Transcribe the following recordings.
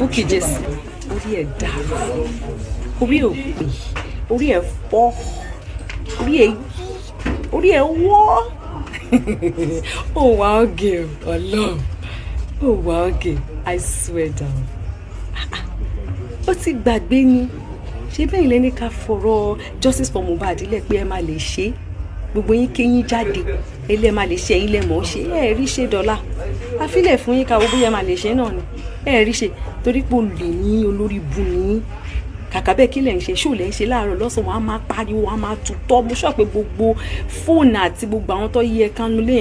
Bukky Jesse orí ẹ̀ dàrú orí ẹ̀ òpè orí ẹ̀ fọ́ orí ẹ̀ yí orí ẹ̀ wọ́ ó wà ókè ọlọ́run Oh, wà ókè I swear down ó ti gbàgbé ni ṣé bẹ́ẹ̀ lẹ́ni ká fọ̀rọ̀ justice for Mohbad lẹ̀ pé ẹ má lè ṣe é gbogbo yín kéyín jáde ẹlẹ́ẹ̀ má lè ṣe ẹ̀yin lẹ́mọ̀ọ́ ṣe ẹ̀ rí ṣe dọ́là àfilẹ̀ fún yín ká owó bóyá má lè ṣe náà ni ẹ rí ṣe torí pé olè ní olórí bù ní kàkà bẹ́ẹ̀ kí lẹ̀ ń ṣe ṣó lẹ̀ ń ṣe láàárọ̀ lọ́sàn wọn á máa pariwo á máa tutọ́ mo ṣọ́ pé gbogbo fóònù àti gbogbo àwọn tó yẹ kánú ilé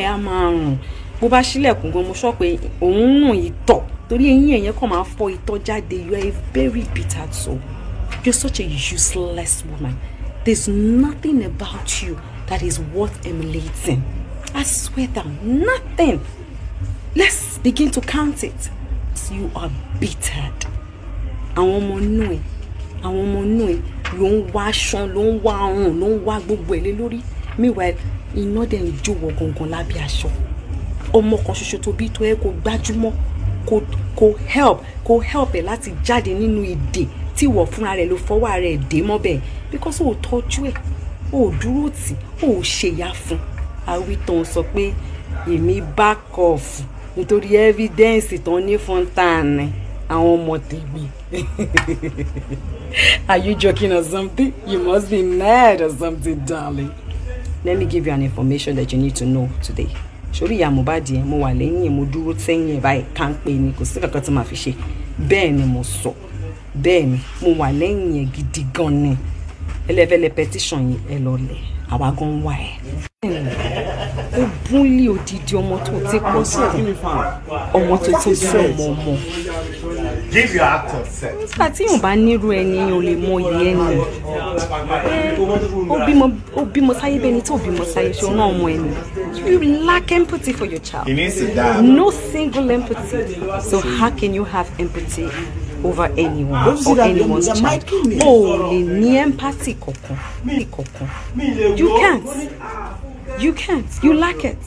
ẹ̀ á máa rùn bó bá ṣílẹ̀kùn gan mo ṣọ́ pé òun rùn ìtọ̀ torí eyín ẹ̀yẹn kàn máa fọ ìtọ̀ jáde you are a very bitter soul you are such a useless woman there is nothing about you that is worth emulating I swear that nothing let's begin to count it you are bittered àwọn ọmọ inú ẹ àwọn ọmọ inú ẹ ló ń wá aṣan ló ń wá ọrùn ló ń wá gbogbo ẹ lé lórí meanwhile iná dẹ̀ ń jó wọ gangan lábẹ́ aṣọ ọmọ kan ṣoṣo tó bí tó ẹ kó gbájúmọ́ kó kó help kó help ẹ láti jáde nínú ìdè tí ìwọ fúnra rẹ ló fọwọ́ rẹ dé mọ́bẹ̀ because o tọ́jú ẹ̀ o dúró tì o ṣèyà fún awítàn sọ pé èmi back off nítorí evidence tó ní fún tààní àwọn ọmọ tèmi are you joking or something you must be mad or something darling let me give you an information that you need to know today sórí ya Mohbad yẹn mo wà lẹ́yìn ẹ̀ mo dúró sẹ́yìn ẹ̀ báyìí kánpé ni kò sí kankan tí màá fi ṣe bẹ́ẹ̀ ni mo sọ bẹ́ẹ̀ ni mo wà lẹ́yìn ẹ̀ e gidi gan ni ẹlẹ́fẹ́lẹ́ petition yẹn ẹ lọ lẹ̀ àwa gan wà ẹ̀ gúnlé odidi ọmọ tó ti pọ̀ sí ọmọ tó ti bí ọmọ ọmọ. give your heart consent. nígbà tí yóò bá nírú ẹni yẹn ò lè mọ iye ẹni ó bímọ sáyé bẹni tó bímọ sáyé ṣe ọ̀nà ọmọ ẹni you lack empathy for your child no single empathy so how can you have empathy over anyone or anyone's child o ò lè ní empathy kankan you can't you can't you lack it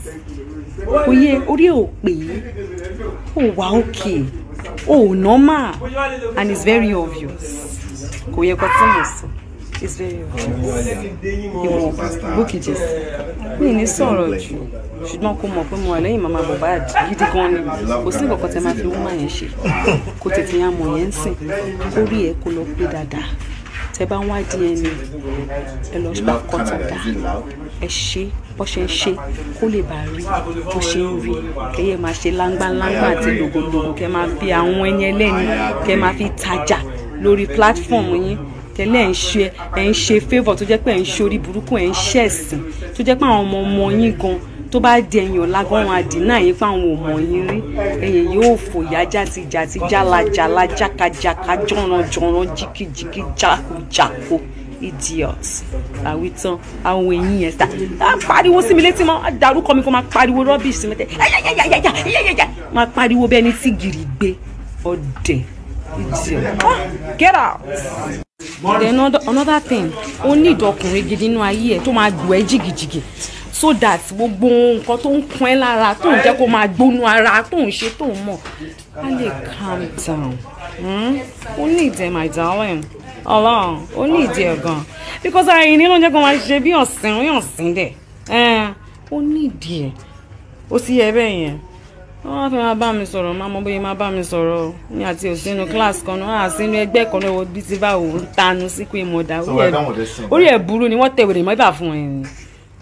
òye orí ò pé ò wá òkè ò normal and it's very obvious kò yẹ kó tí mo it's very obvious ìwọ Bukky-Jesse mi ní sọ̀rọ̀ jù ṣùgbọ́n kó mọ̀ pé mo wà lẹ́yìn mama Mohbad gidi gan ni kò sí nǹkan kan tẹ́ máa fi wúmọ̀ yẹn ṣe kò tètè yàn mọ̀ yẹn ń sìn orí ẹ̀ kó lọ pé dáadáa tẹ bá ń wá dna ẹ lọ sí àkọtàdá ẹ ṣe bó ṣe ń ṣe kó lè bá rí bó ṣe ń rí kẹyẹ máa ṣe láńgbáláńgbá àti lògòlògò kẹ máa bí àwọn ẹni ẹlẹ́ni kẹ máa fi tajà lórí platform yín tẹlẹ ẹ ń ṣe ẹ ń ṣe favour tó jẹ́ pé ẹ ń ṣe orí burúkú ẹ ń ṣẹ̀sìn tó jẹ́ pé àwọn ọmọ ọmọ yín gan-an tó bá di ẹ̀yìn ọ̀la gan wọn àdínà yín fáwọn ọmọ yín rí ẹ̀yìn yóò fò yájà ti jà ti jálajàla jákàjáká jọ̀rànjọ̀ràn jìkìjìkì jákujàku idiot àwítán àwọn èyí yẹn ta á pariwo sí mi létí mọ́ dárúkọ mi kó máa pariwo rubbish sí mi tẹ́ yáyáyáyáyáyáyá máa pariwo bẹ́ẹ̀ tí gìrì gbé ọ̀dẹ̀ idiot ah get out then another thing ó ní ìdọkùnrin gidi nínú ayé ẹ tó máa gbọ́ ẹ jìgìjìgì so that gbogbo nǹkan tó ń kun ẹ́ lára tó ń jẹ́ kó máa gbónú ara tó ń ṣe tó ń mọ̀ á lè calm down hmm? ó ní ìdẹ my darling ọlọ́run ó ní ìdí ẹ̀ gan because ara yìí nínú jẹ́ kó máa ṣe bí ọ̀sìn rí ọ̀sìn dẹ̀ eh, ó ní ìdí ẹ̀ ó sì yẹ bẹ́ẹ̀ yẹn wọ́n á fẹ́ máa bá mi sọ̀rọ̀ máa mọ bóyá máa bá mi sọ̀rọ̀ ní àti òsínú class kan náà àsínú ẹgbẹ́ kan náà bí ti bá òun tanu sí pé mo dà orí ẹ̀ burú ni wọ́n tẹ̀wé rè mọ́ ibà fún ẹ̀ ni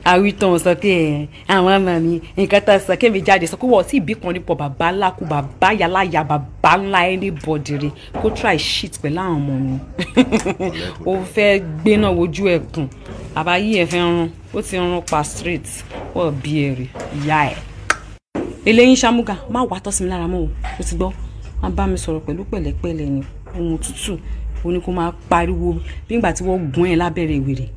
àwítàn sọ pé ah, àwọn ọmọ mi nǹkan tá a sọ kémi jáde sọ pé wọ́n sì bí kan nípò bàbá ńlá kú bàbá yàláyà bàbá ńlá anybody rè kó try shit pẹ̀lú àwọn ọmọ mi ó fẹ́ gbéná wojú ẹ̀kùn àbáyé ẹ̀ fẹ́ rún ó ti rún pa straight wọ́n bí èrè ìyá ẹ̀. eléyìí sàmúgà má wàá tọ́sí mi lára mọ́ o ó ti gbọ́ má bá mi sọ̀rọ̀ pẹ̀lú pẹ̀lẹ́pẹ̀lẹ́ ni ohun tútù ó ní kó máa pariwo bí ìgbà tí wọ́n gún ẹ̀ lábẹ́rẹ́ ìwèrè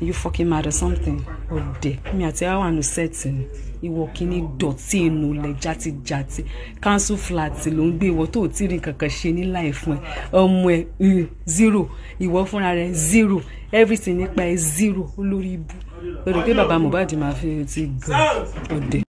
you fucking mad or something ọdẹ mi àti àwọn àánú sẹẹtì ni ìwọ kìíní dọ̀tí inú ilẹ̀ játijàti council flat ló ń gbé ìwọ tó ò tí ì rí kankan ṣe ní láì fún ẹ ọmọ ẹ zero ìwọ fúnra rẹ zero everything nípa ẹ zero olórí ibú lórí pé bàbá Mohbad máa fi ti gbọ́ ọdẹ.